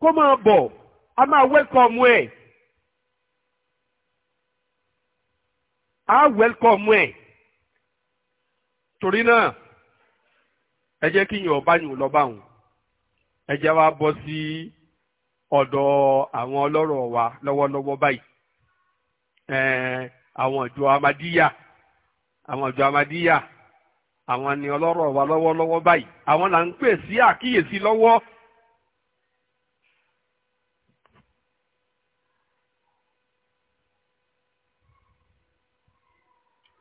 kó máa bọ̀ a máa wẹ́kọ̀mù ẹ̀ a wẹ́kọ̀mù ẹ̀ torí náà ẹ jẹ́ kí yín ọba yín lọ́ba hùn ẹ jẹ́ wá bọ́ sí ọ̀dọ̀ àwọn ọlọ́rọ̀ wa lọ́wọ́lọ́wọ́ báyìí àwọn ìjọ amadíyà àwọn ìjọ amadíyà àwọn ni ọlọ́rọ̀ wa lọ́wọ́lọ́wọ́ báyìí àwọn là ń pè sí àkíyèsí lọ́wọ́.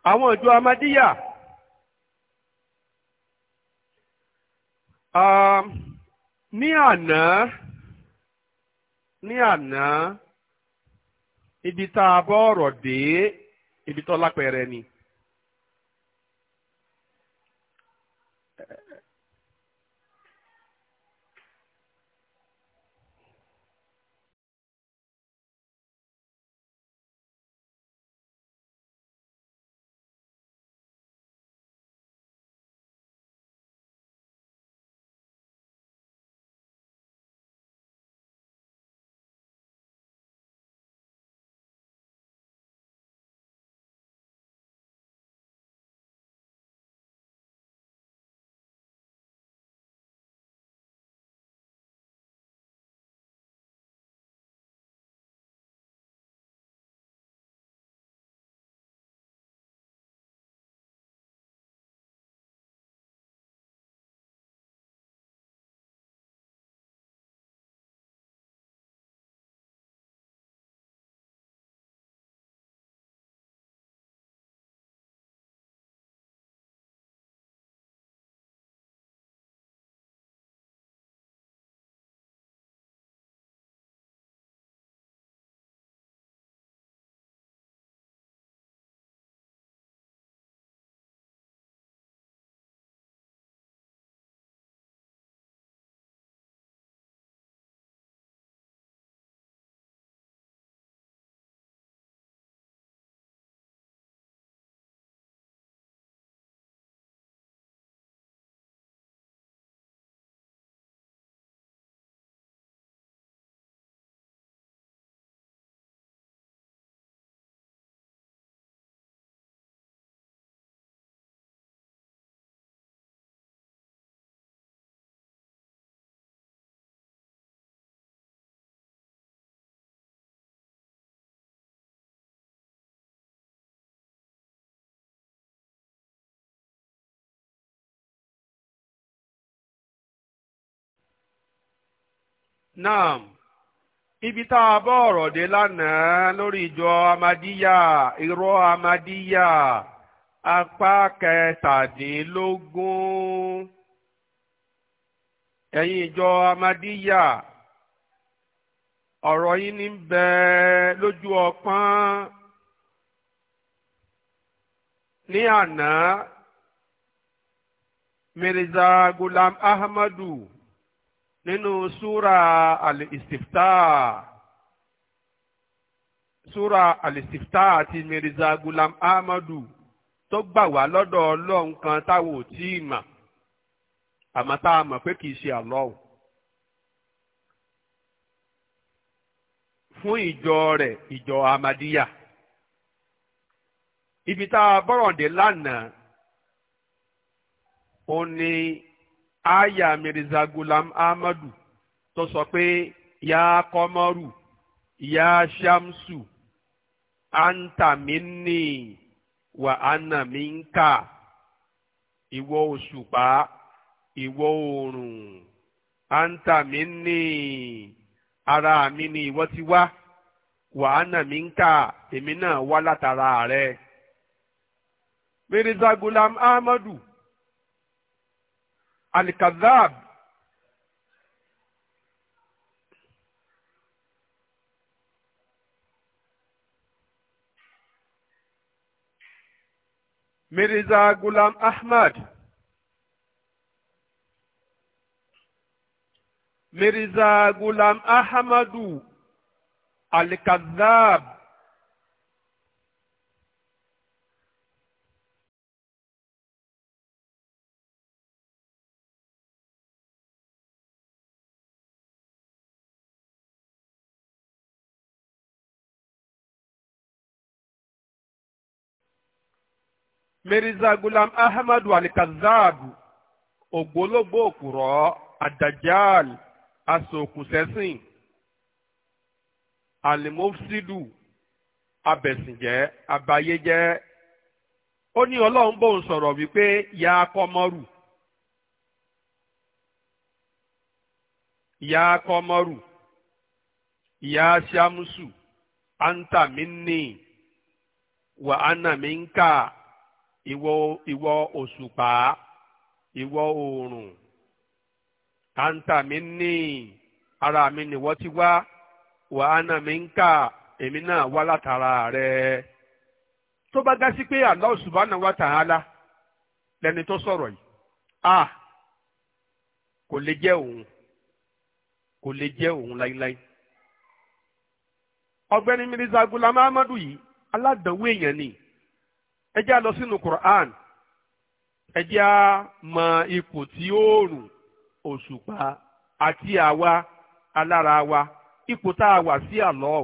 àwọn ìjọ amadíyà um, ní àná ní àná ibi tá a bọ́ ọ̀rọ̀ dé ibi tó ni. Naam ibi tá a bọ́ ọ̀rọ̀ dé lánàá lórí ìjọ amadíyà irọ́ amadíyà apá kẹtàdínlógún ẹ̀yin ìjọ amadíyà ọ̀rọ̀ yín ní bẹ lójú ọpọ́n ní àná Mirza Gulam Ahmadu nínú súra al-istiftah súra al-istiftah àti mirza gulam ahmadu tó gbà wá lọ́dọ̀ ọlọ́run kan táwọn ò tí ì mà àmọ́ tá a mọ̀ pé kì í ṣe Allah fún ìjọ rẹ̀ ìjọ amadiya ibi tá a bọ̀rọ̀ dé lánàá ó ní. aya mirza gulam amadu tó sọ pé ya kọmọrù ya shamsu anta minni wa ana minka ìwọ òṣùpá ìwọ oòrùn anta minni ara mi ni ìwọ ti wá wa ana minka èmi náà wá látara rẹ mirza gulam amadu. الكذاب مرزا غلام أحمد مرزا غلام أحمد الكذاب mirza gulam ahmadu alikazabu ògbólógbò òkùrọ̀ Adajal asòkùsẹ́sìn alimofsidu abẹ̀sìnjẹ́ abayéjẹ́ ó ní ń sọ̀rọ̀ wípé ya kọmọrù ya kọmọrù ya ṣamusu anta minni wa ana minka. ìwọ ìwọ òṣùpá ìwọ oòrùn àǹtà mi ní ara mi nìwọ ti wá wàhánà mi ń kà èmi náà wá látara rẹ tó bá dá sí pé Allah subhanahu wa ta'ala lẹni tó sọ̀rọ̀ yìí a kò lè jẹ́ òun kò lè jẹ́ òun láíláí ọ̀gbẹ́ni Mirza Ghulam Ahmadu yìí aládàáwó èèyàn ẹ jẹ́ a lọ sínú Quran ẹ jẹ́ a mọ ipò tí oòrùn òṣùpá àti àwa alára wa ipò tá a wà sí àlọ́ ò.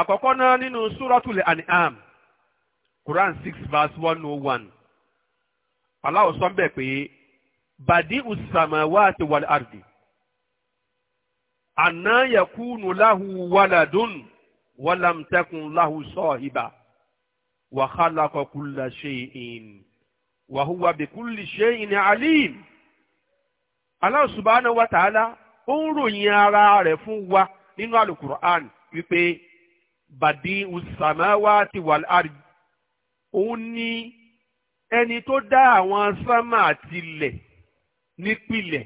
àkọ́kọ́ náà nínú Suratul An'am Quran six verse one oh one Allah sọ ń bẹ̀ pé bàdí ùsàmà wà ti wà lárùdì anna yakunu lahu waladun walam takun lahu sahiba wa khalaqa kulla shay'in wa huwa bi kulli shay'in alim Allah subhanahu wa ta'ala ó ń ròyìn ara rẹ̀ fún wa nínú alukur'an wípé badi usamawati wal ard òun ni ẹni tó dá àwọn sámà àtilẹ̀ nípìlẹ̀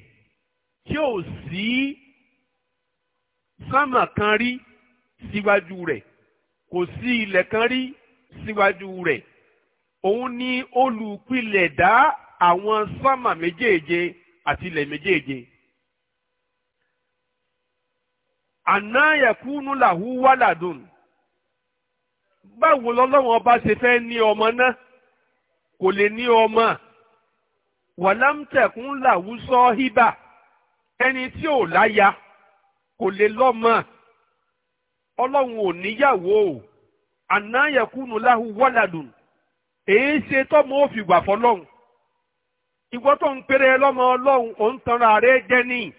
tí ò sí sánmà kan rí síwájú rẹ̀ kò sí ilẹ̀ kan rí síwájú rẹ̀ òun ni olùpilẹ̀ dá àwọn sánmà méjèèje àti ilẹ̀ méjèèje. àná yakunu lahu waladun báwo lọ́lọ́wọ́n bá ṣe fẹ́ ní ọmọ náà kò lè ní ọmọ wàlámtẹ̀kùn làwùsọ híbà ẹni tí ò láya. kò lè lọ́mọ ọlọ́run ò níyàwó o ànáyẹ̀kúnú láhùn wọ́làdùn èé ṣe tọ́mọ ó fi gbà fọlọ́run ìwọ tó ń péré lọ́mọ ọlọ́run ò ń tanra rẹ jẹ́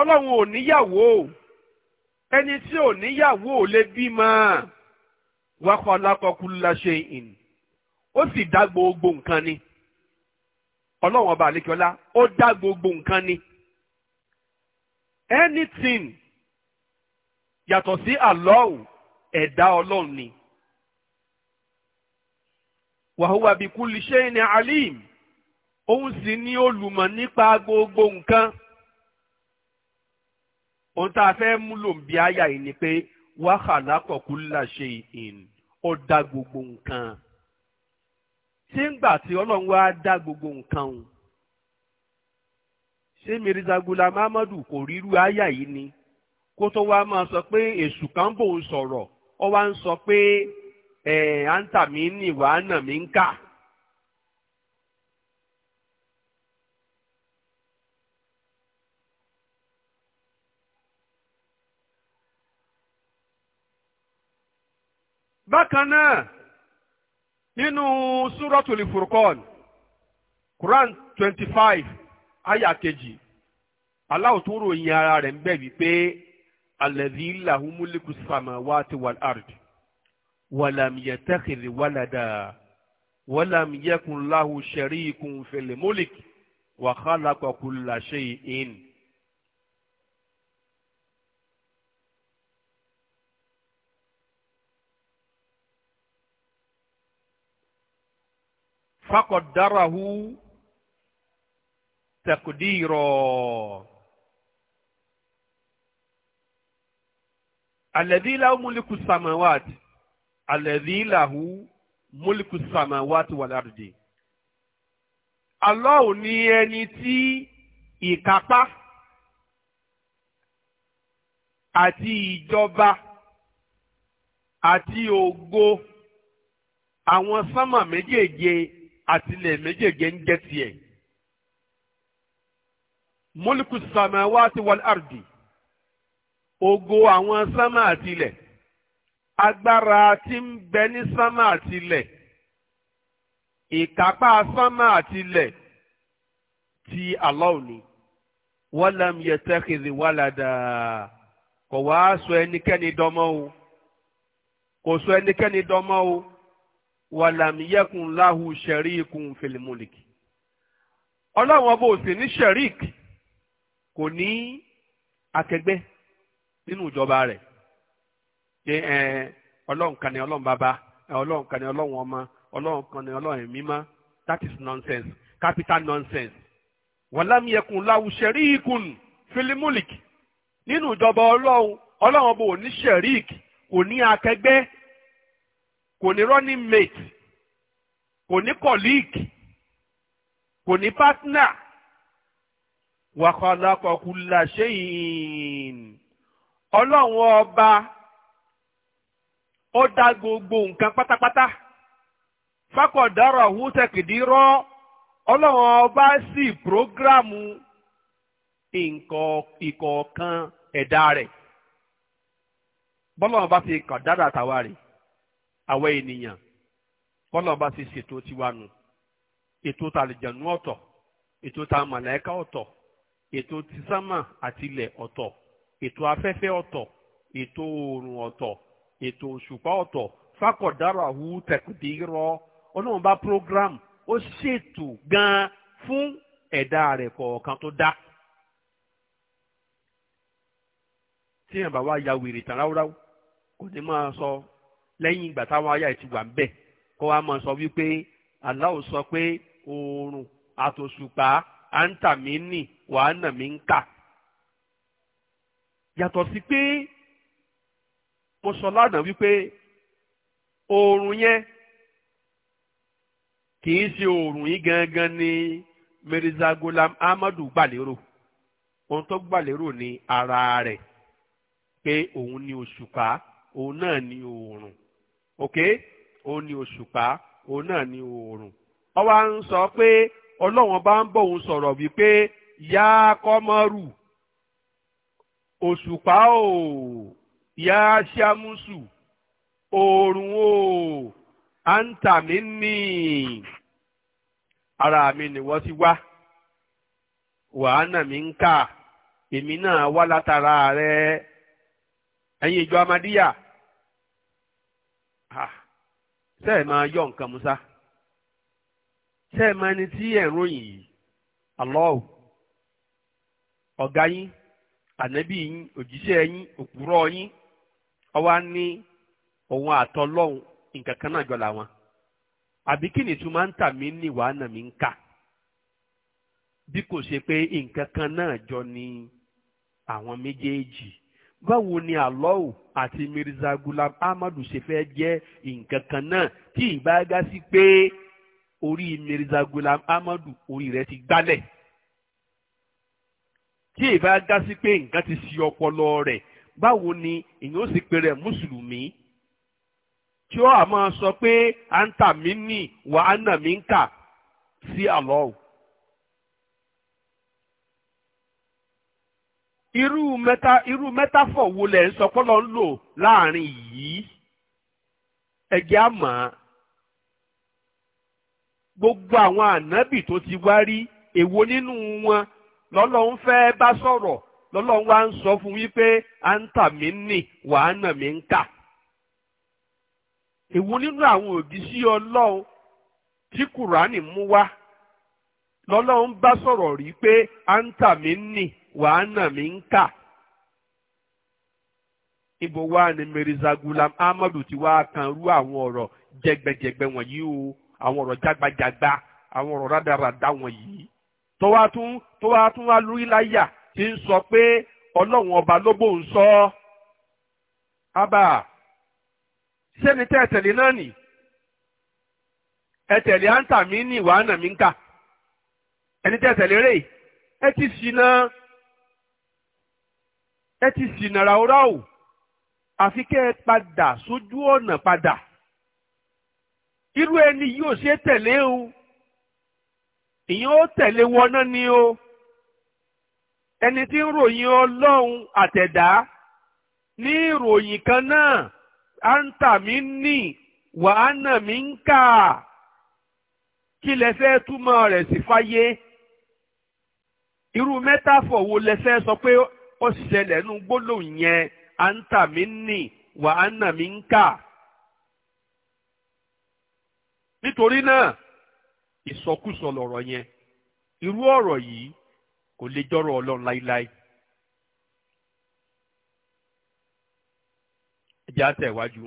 ọlọ́run ò níyàwó o ẹni tí ò níyàwó ò lè bímọ wákọ̀ọ́lákọ̀ọ́kúlá ṣe ìn ó sì dá gbogbo nǹkan ni ọlọ́run ọba àlekíọ́lá ó dá gbogbo nǹkan ni. anything yàtọ̀ sí Allahu ẹ̀dá ọlọ́run ni. wa huwa bi kulli alim òun sì ni olùmọ̀ nípa gbogbo nǹkan. ohun tá a fẹ́ mú bí àyà yìí ni pé wa khalaqa kulla shay'in ó dá gbogbo nǹkan. ṣé ń gbà tí ọlọ́run wá dá gbogbo nǹkan o ṣé mirza gulam amadu kò ríru àyà yìí ni kó tó wá máa sọ pé èṣù kan bò ń sọ̀rọ̀ ọ wá ń sọ pé ẹ̀ àǹtà mi ní ìwà ànà mi ń kà. bákan náà nínú súrọ́tùlì furqan Quran twenty five àyà kejì Allah tún ròyìn ara rẹ̀ ń bẹ̀ wípé alẹ́bí lahu múlíkù samawati wal ardi wàlàm yẹtẹ́kìrì wàlàdà wàlàm yẹkùn lahu sharikun fil múlík wa khalaqa kulla shay'in. faqaddarahu. تقديرا الذي له ملك السماوات الذي له ملك السماوات والأرض Allah ni ẹni tí ìkápá àti ìjọba àti ògo àwọn sánmà méjèèje àtilẹ̀ méjèèje ń jẹ́ tiẹ̀ mọ́lùkù sàmáwáti wal ardi ògo àwọn sámà àtilẹ̀ agbára tí ń bẹ ní sámà àtilẹ̀ ìkápá sámà àtilẹ̀ ti Allah ni walam yattakhidh walada kò wá sọ ẹnikẹ́ni dọ́mọ́ o kò sọ ẹnikẹ́ni dọ́mọ́ o walam yakun lahu sharikun fil mulki ọba ò sì ní sharik kò ní akẹgbẹ́ nínú ìjọba rẹ̀ ṣe ẹ ọlọ́run kan ní ọlọ́run bàbá ọlọ́run kan ní ọlọ́run ọmọ ọlọ́run kan ní ọlọ́run mímọ́ that is nonsense capital nonsense wàlámi ẹkùn láwùṣẹ̀rí ikùn filimulik nínú ìjọba ọlọ́run ọlọ́run bò ní sherik kò ní akẹgbẹ́ kò ní running mate kò ní colleague kò ní partner wàkọ̀lákọ̀ kùlà ṣéyìn ọlọ́run ọba ó dá gbogbo nǹkan pátápátá fákọ̀dárọ̀ húṣẹ̀kìdírọ́ ọlọ́run ọba sì prógrámù ìkọ̀ọ̀kan ẹ̀dá rẹ̀ bọ́lọ́run bá ti kàn dáadáa tàwa àwọn ènìyàn bọ́lọ́run bá ti ṣètò tiwa nù ètò tìsámà àtilẹ̀ ọ̀tọ̀ ètò afẹ́fẹ́ ọ̀tọ̀ ètò oòrùn ọ̀tọ̀ ètò òṣùpá ọ̀tọ̀ fákọ̀dára hu tẹ̀kùdírọ́ ọlọ́run bá program ó ṣètò gan-an fún ẹ̀dá rẹ̀ kọ̀ọ̀kan tó dá. tí yàn bá ya wèrè tán ráúráú kò ní máa sọ lẹ́yìn ìgbà táwọn aya ìtìgbà ń bẹ̀ kó wá máa sọ wípé Allah sọ pé oòrùn àtòṣùpá àǹtàmínì wàá nà mí ń kà yàtọ̀ sí pé mo sọ lánàá wípé oòrùn yẹn kì í ṣe oòrùn yìí gangan ni Mirza Ghulam Ahmadu gbàlérò ohun tó gbàlérò ní ara rẹ̀ pé òun ni òṣùpá òun náà ni oòrùn ok òun ni òṣùpá òun náà ni oòrùn ó wá ń sọ pé ọlọ́wọ́n bá ń bọ̀ òun sọ̀rọ̀ wípé ya kọ́mọ́rù òṣùpá o ya ṣámúsù oòrùn o à ń ara mi nìwọ́ ti wá wàhánà mi ń kà èmi náà wá látara rẹ ẹ̀yin ìjọ amadíyà ṣe é máa yọ nǹkan musa ṣe é máa ní tí ẹ̀ ń ròyìn yìí alọ́ọ̀. ọga yín ànábì yín ojise yín okpuru yín ọwá ní òun atọ nǹkan kan náà jọ làwọn àbí kí ni ìtumọ̀ ń tà mí ní wàá nà mí ń kà bí kò ṣe pé nǹkan kan náà jọ ni àwọn méjèèjì báwo ni alọ́ọ̀ àti mirza gulam ahmadu ṣe fẹ́ jẹ́ nǹkan kan náà tí ìbá gá sí pé orí mirza gulam ahmadu orí rẹ̀ ti gbálẹ̀. tí èyí bá gá sí pé nǹkan ti ṣe ọpọlọ rẹ báwo ni èyí ó sì pe rẹ̀ mùsùlùmí tí ó àmọ́ sọ pé à ń tà mí nì wà á nà mí ń kà sí àlọ́ọ̀. irú mẹ́ta irú mẹ́tàfọ̀ wo lẹ̀ ń sọ pọ́lọ́ ń lò láàrin yìí ẹ̀jẹ̀ àmọ́ gbogbo àwọn ànábì tó ti wá rí èwo nínú wọn lọ́lọ́run fẹ́ bá sọ̀rọ̀ lọ́lọ́run wá ń sọ fún wípé à ń tà mí nì wàá nà mí ń kà. èwo nínú àwọn òbí sí ọlọ́run tí kùránì mú wá lọ́lọ́run bá sọ̀rọ̀ rí pé à ń tà mí nì wàá nà mí ń kà. ibo wa ni Mirza Gulam ti wá kan rú àwọn ọ̀rọ̀ jẹgbẹjẹgbẹ wọ̀nyí o àwọn ọ̀rọ̀ jágbajàgba àwọn ọ̀rọ̀ rádaràda wọ̀nyí. tó wá tún tó wá tún wá lórí láyà tí ń sọ pé ọlọ́run ọba ló bóun sọ ọ́ abà sẹ́ni tẹ́ ẹ̀tẹ̀lé náà nì ẹ̀tẹ̀lé áńtà mi ní ìwà ànà mi ń kà ẹni tẹ́ ẹ̀tẹ̀lé rè ẹ ti sì náà ẹ ti sì nàrà ọ̀rá o àfi kẹ́ ẹ padà sójú ọ̀nà padà irú ẹni yóò ṣe tẹ̀lé o. ìyẹn ó tẹ̀lé wọná ni o ẹni tí ń ròyìn ọlọ́run àtẹ̀dá ní ìròyìn kan náà à ń tà mí nì wàhánà mi ń kà kí lẹ fẹ́ túmọ̀ rẹ̀ fáyé irú mẹ́tàfọ̀ wo lẹ fẹ́ sọ pé ó ṣẹlẹ̀ nú gbólóhùn yẹn à ń tà mí nì wàhánà mi ń kà nítorí náà. ìsọkúsọ lọ̀rọ̀ yẹn irú ọ̀rọ̀ yìí kò lè jọ̀rọ̀ Ọlọ́run láíláí. ẹjẹ àtẹ̀wájú.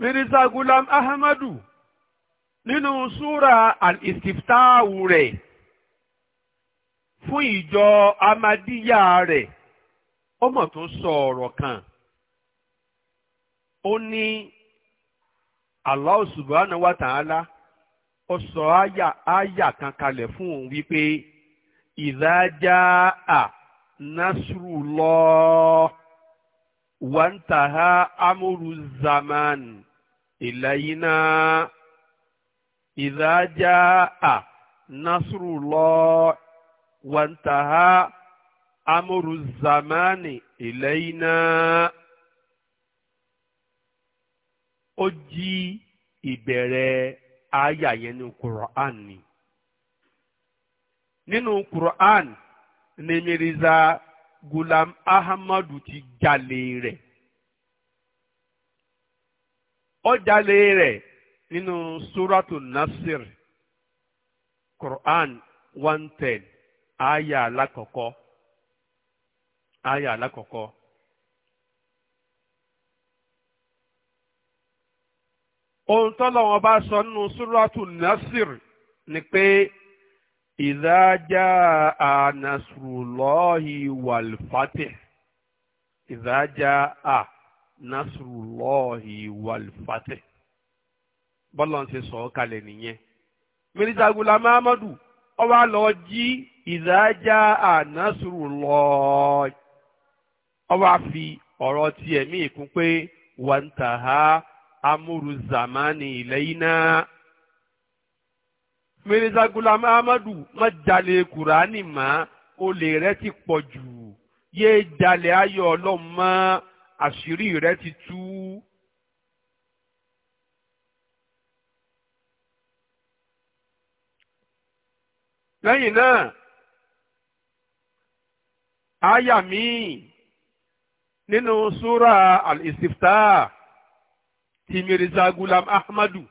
Mirisa Gulam Ahmadu nínú súra al-istiftahu rẹ̀. fún ìjọ amadíyà rẹ̀ ọmọ mọ̀ tó sọ ọ̀rọ̀ kan ó ní Allah subhanahu wa ó sọ áyà kan kalẹ̀ fún òun wípé ìdájá à nasrullah wàǹtàhá amúrú zaman ìlàyínà ìdájá à nasrullah. وانتهى أمر الزمان إلينا ó jí ìbẹ̀rẹ̀ yẹn Qur'an ni nínú Qur'an ni Mirza Gulam Ahmadu ti jalè rẹ̀ ó jalè nínú Suratu Nasir Qur'an one ten Aya alakọkọ àyà alákọ̀ọ́kọ́. ohun tọ́lọ́wọ́n bá sọ nínú súrọ́tù nasir ni pé ìdájà ànàsùrùlọ́ọ̀hì wàlfàtẹ̀ ìdájà ànàsùrùlọ́ọ̀hì wàlfàtẹ̀ bọ́lọ̀ ń ṣe sọ ọ́ kalẹ̀ nìyẹn gula mahamadu ó lọ jí ìdájá ànásùrù lọ ọba fi ọ̀rọ̀ tiẹ̀ mí kún pé wà ń tà á amúru zamani ilayna. mirza gulam amadu má jalè kùránì mọ́ olè rẹ ti pọ̀ jù yé jalè ayọ̀ ọlọ́run mọ́ àṣírí rẹ ti tú. lẹ́yìn náà àyà míì nínú súra al-istifta ti mirza gulam ahmadu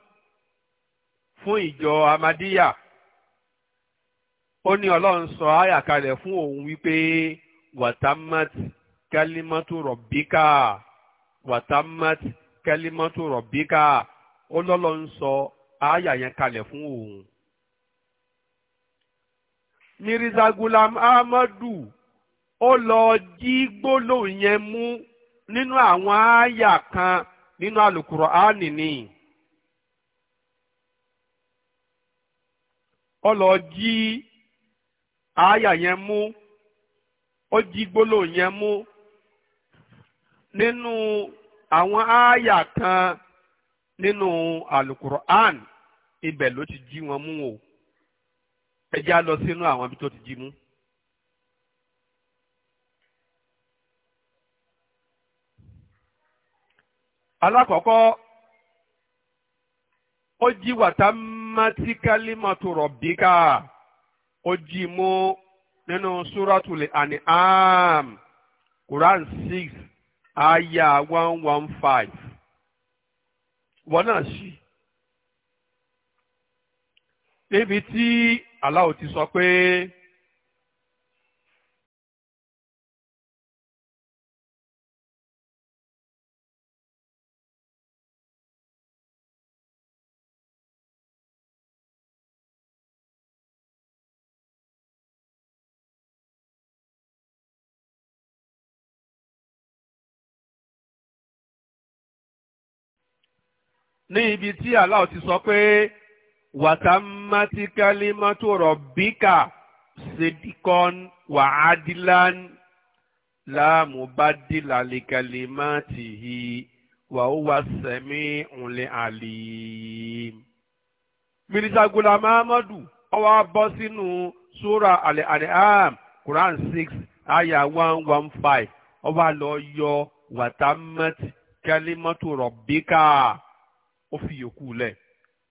fún ìjọ amadiya ó ní ọlọ́run sọ àyà kalẹ̀ fún òun wípé wàtámát kálímátù rọ̀bíkà wàtámát kálímátù rọ̀bíkà ó lọ́lọ́run sọ àyà yẹn kalẹ̀ mirza gulam ahmadu Ọlọ lọ jí gbólóhùn yẹn mú nínú àwọn àyà kan nínú Al-Qur'ani ni ó lọ jí àyà yẹn mú ó jí gbólóhùn yẹn mú nínú àwọn àyà kan nínú Al-Qur'ani ibẹ̀ ló ti jí wọn mú o ẹ já lọ sínú àwọn ibi tó ti jí mú. Alakọkọ ó wata wàtá mátíkálímọ̀tò bika ó jí mu ninu suratul am Quran six aya one one five wọn náà tí Allah ti sọ pé. ní ibi tí Allah ti sọ pé wàtàmátíkálí mọ́tò rọ̀bíkà sidikon wàhádìlán láàmúbádìlálẹ́kálí mọ́tì yìí wàhùwà sẹ́mi ńlẹ̀ àlìm. mínísà Ghulam Ahmadu ó wá bọ́ sínú súra Al-An'am Quran six aya one one five ó lọ yọ wàtàmátíkálí mọ́tò rọ̀bíkà ó fi yòókù lẹ̀